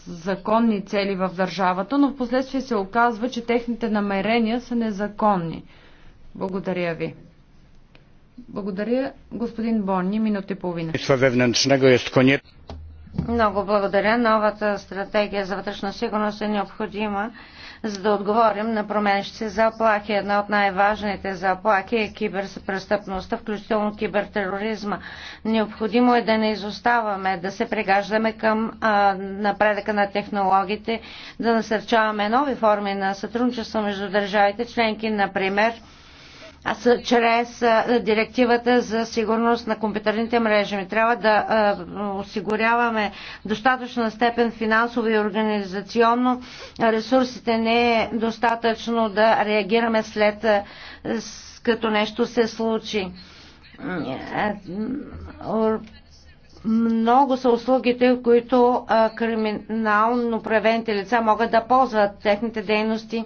законни цели в държавата, но в последствие се оказва, че техните намерения са незаконни. Благодаря ви. Благодаря, господин Бонни, минута и половина. Много благодаря. Новата стратегия за вътрешна сигурност е необходима за да отговорим на променящите заплахи. Една от най-важните заплахи е киберпрестъпността, включително кибертероризма. Необходимо е да не изоставаме, да се пригаждаме към а, напредъка на технологиите, да насърчаваме нови форми на сътрудничество между държавите членки, например, чрез директивата за сигурност на компютърните мрежи. Трябва да осигуряваме достатъчна степен финансово и организационно. Ресурсите не е достатъчно да реагираме след като нещо се случи много са услугите, които криминално превените лица могат да ползват. Техните дейности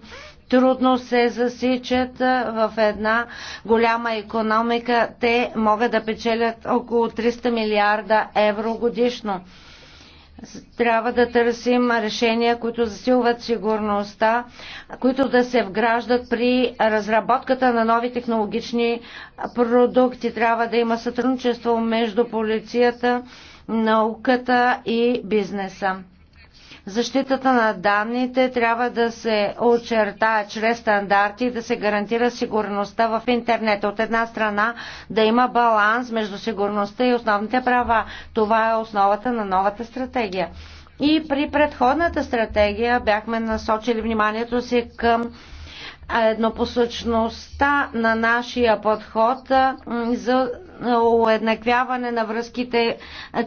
трудно се засичат в една голяма економика. Те могат да печелят около 300 милиарда евро годишно. Трябва да търсим решения, които засилват сигурността, които да се вграждат при разработката на нови технологични продукти. Трябва да има сътрудничество между полицията, науката и бизнеса. Защитата на данните трябва да се очертае чрез стандарти и да се гарантира сигурността в интернет. От една страна да има баланс между сигурността и основните права. Това е основата на новата стратегия. И при предходната стратегия бяхме насочили вниманието си към еднопосочността на нашия подход за уеднаквяване на връзките,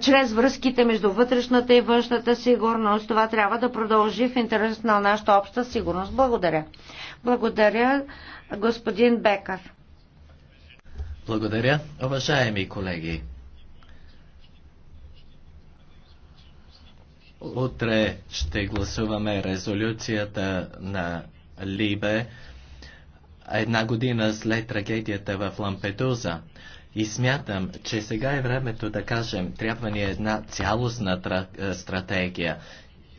чрез връзките между вътрешната и външната сигурност. Това трябва да продължи в интерес на нашата обща сигурност. Благодаря. Благодаря, господин Бекар. Благодаря, уважаеми колеги. Утре ще гласуваме резолюцията на Либе една година след трагедията в Лампедуза. И смятам, че сега е времето да кажем, трябва ни една цялостна е, стратегия.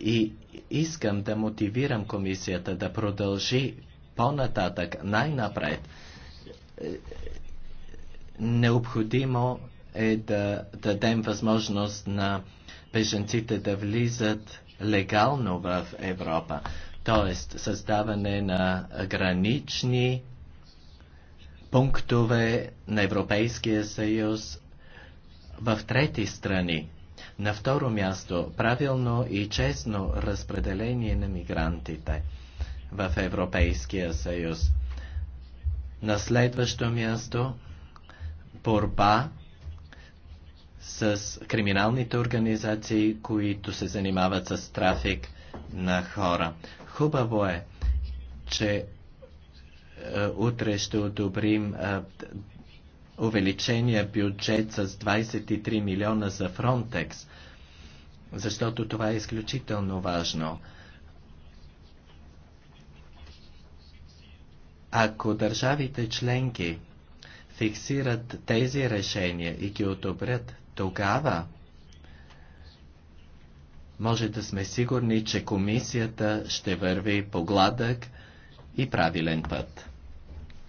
И искам да мотивирам комисията да продължи по-нататък, най-напред. Необходимо е да дадем възможност на беженците да влизат легално в Европа т.е. създаване на гранични пунктове на Европейския съюз в трети страни. На второ място, правилно и честно разпределение на мигрантите в Европейския съюз. На следващо място, борба с криминалните организации, които се занимават с трафик на хора. Хубаво е, че е, утре ще одобрим е, увеличения бюджет с 23 милиона за Фронтекс, защото това е изключително важно. Ако държавите членки фиксират тези решения и ги одобрят, тогава може да сме сигурни, че комисията ще върви по гладък и правилен път.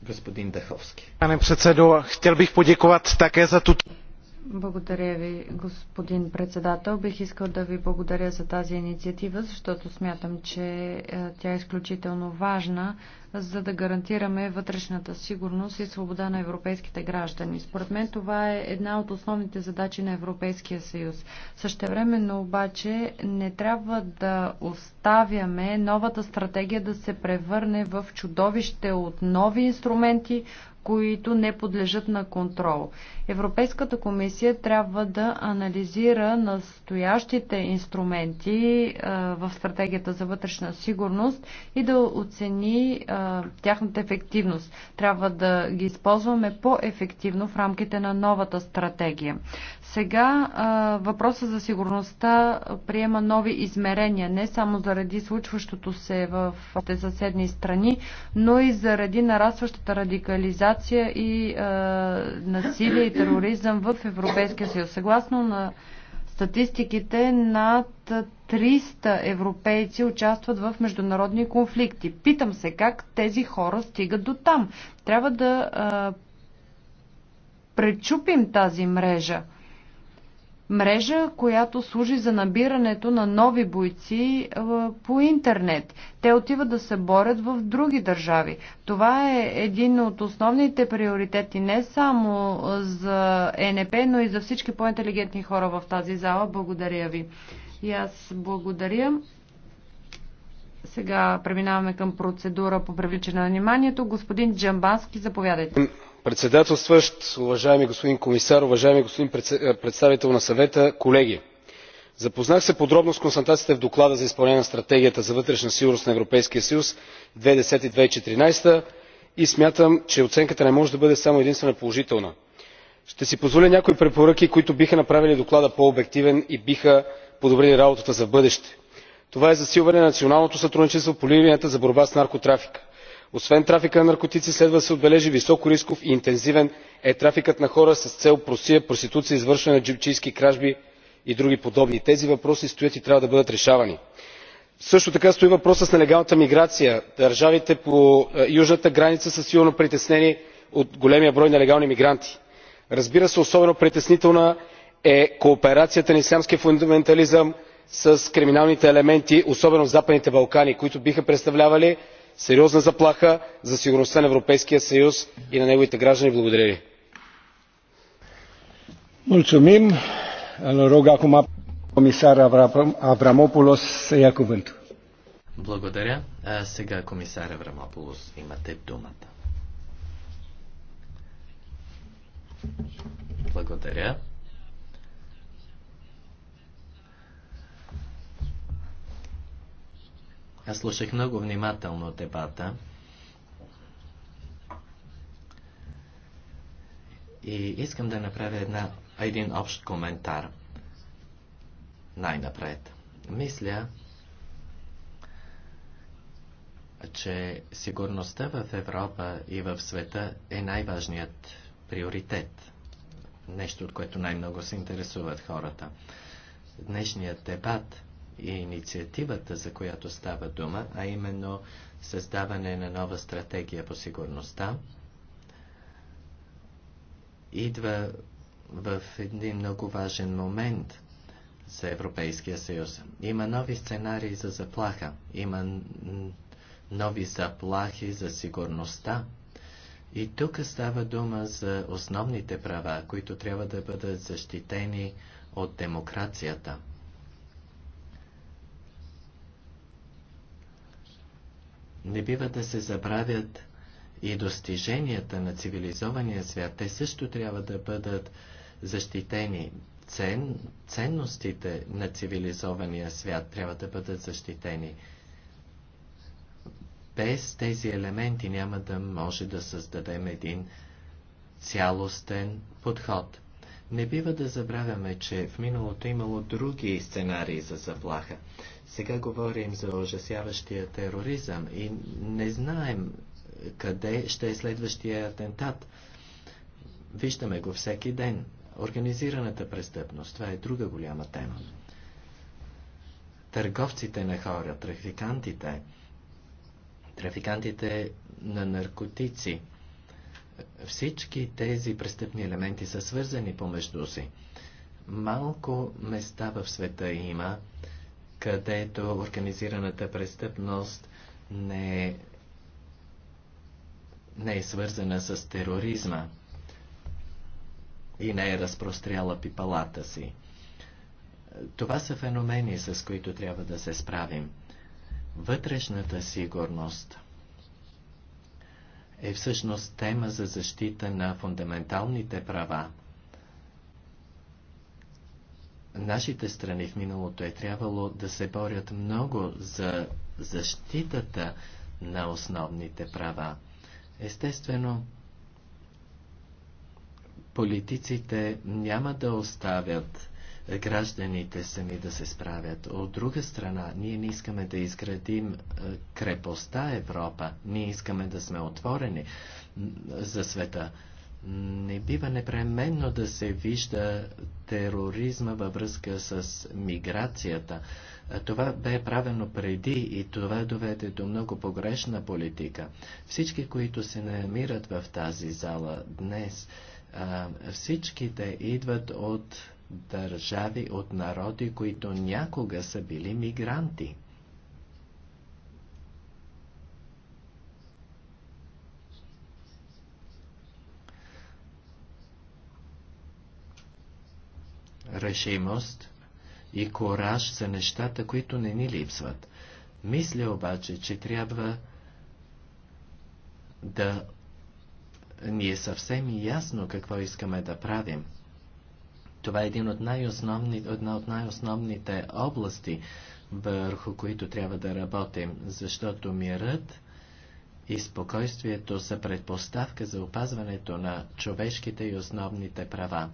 Господин Даховски. Пане председател, хотел бих подяковать така за тут. Благодаря ви, господин председател. Бих искал да ви благодаря за тази инициатива, защото смятам, че е, тя е изключително важна, за да гарантираме вътрешната сигурност и свобода на европейските граждани. Според мен това е една от основните задачи на Европейския съюз. Същевременно обаче не трябва да оставяме новата стратегия да се превърне в чудовище от нови инструменти, които не подлежат на контрол. Европейската комисия трябва да анализира настоящите инструменти в стратегията за вътрешна сигурност и да оцени тяхната ефективност. Трябва да ги използваме по-ефективно в рамките на новата стратегия. Сега въпроса за сигурността приема нови измерения, не само заради случващото се в те съседни страни, но и заради нарастващата радикализация и е, насилие и тероризъм в Европейския съюз. Съгласно на статистиките, над 300 европейци участват в международни конфликти. Питам се как тези хора стигат до там. Трябва да е, пречупим тази мрежа мрежа, която служи за набирането на нови бойци е, по интернет. Те отиват да се борят в други държави. Това е един от основните приоритети не само за ЕНП, но и за всички по-интелигентни хора в тази зала. Благодаря ви. И аз благодаря. Сега преминаваме към процедура по привличане на вниманието. Господин Джамбански, заповядайте председателстващ уважаеми господин комисар уважаеми господин представител на съвета колеги! запознах се подробно с констатациите в доклада за изпълнение на стратегията за вътрешна сигурност на европейския съюз две хиляди и десета две хиляди и четиринадесета и смятам че оценката не може да бъде само и единствено положителна. ще си позволя някои препоръки които биха направили доклада по обективен и биха подобрили работата за в бъдеще. това е засилване на националното сътрудничество по линията за борба с наркотрафика; освен трафика на наркотици следва да се отбележи високорисков и интензивен е трафикът на хора с цел просия проституция извършване на джебчийски кражби и други подобни. тези въпроси стоят и трябва да бъдат решавани. също така стои въпросът с нелегалната миграция. държавите по е, южната граница са силно притеснени от големия брой нелегални мигранти. разбира се особено притеснителна е кооперацията на ислямския фундаментализъм с криминалните елементи особено в западните балкани които биха представлявали сериозна заплаха за сигурността на европейския съюз и на неговите граждани. благодаря ви. Благодаря. А сега, комисар Аврамополос, имате думата. Благодаря. Аз слушах много внимателно дебата. И искам да направя една, един общ коментар. Най-напред. Мисля, че сигурността в Европа и в света е най-важният приоритет. Нещо, от което най-много се интересуват хората. Днешният дебат и инициативата, за която става дума, а именно създаване на нова стратегия по сигурността, идва в един много важен момент за Европейския съюз. Има нови сценарии за заплаха, има нови заплахи за сигурността. И тук става дума за основните права, които трябва да бъдат защитени от демокрацията – Не бива да се забравят и достиженията на цивилизования свят. Те също трябва да бъдат защитени. Цен, ценностите на цивилизования свят трябва да бъдат защитени. Без тези елементи няма да може да създадем един цялостен подход. Не бива да забравяме, че в миналото имало други сценарии за заплаха. Сега говорим за ужасяващия тероризъм и не знаем къде ще е следващия атентат. Виждаме го всеки ден. Организираната престъпност, това е друга голяма тема. Търговците на хора, трафикантите, трафикантите на наркотици, всички тези престъпни елементи са свързани помежду си. Малко места в света има, където организираната престъпност не е, не е свързана с тероризма и не е разпростряла пипалата си. Това са феномени, с които трябва да се справим. Вътрешната сигурност е всъщност тема за защита на фундаменталните права нашите страни в миналото е трябвало да се борят много за защитата на основните права. Естествено, политиците няма да оставят гражданите сами да се справят. От друга страна, ние не искаме да изградим е, крепостта Европа, ние искаме да сме отворени за света не бива непременно да се вижда тероризма във връзка с миграцията. Това бе правено преди и това доведе до много погрешна политика. Всички, които се намират в тази зала днес, всичките идват от държави, от народи, които някога са били мигранти. решимост и кораж са нещата, които не ни липсват. Мисля обаче, че трябва да ни е съвсем ясно какво искаме да правим. Това е един от най една от най-основните области, върху които трябва да работим, защото мирът и спокойствието са предпоставка за опазването на човешките и основните права.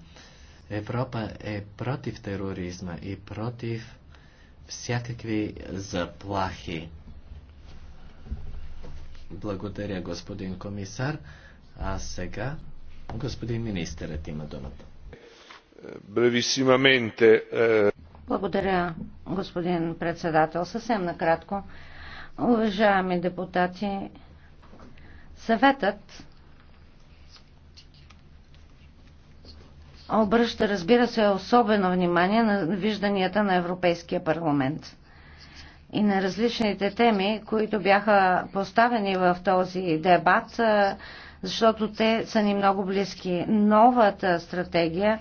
Европа е против тероризма и против всякакви заплахи. Благодаря, господин комисар. А сега господин министърът има думата. Бревисимаменте. Е, Благодаря, господин председател. Съвсем накратко. Уважаеми депутати, съветът обръща, разбира се, особено внимание на вижданията на Европейския парламент и на различните теми, които бяха поставени в този дебат, защото те са ни много близки. Новата стратегия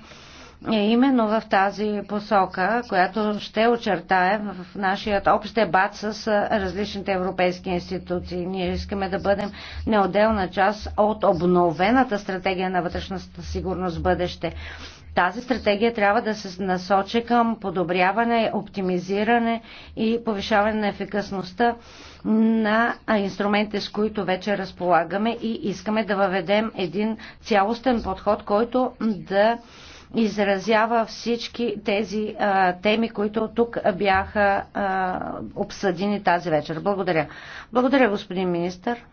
е именно в тази посока, която ще очертаем в нашия общ дебат с различните европейски институции. Ние искаме да бъдем неотделна част от обновената стратегия на вътрешната сигурност в бъдеще. Тази стратегия трябва да се насочи към подобряване, оптимизиране и повишаване на ефикасността на инструментите, с които вече разполагаме и искаме да въведем един цялостен подход, който да изразява всички тези а, теми, които тук бяха а, обсъдени тази вечер. Благодаря. Благодаря, господин министър.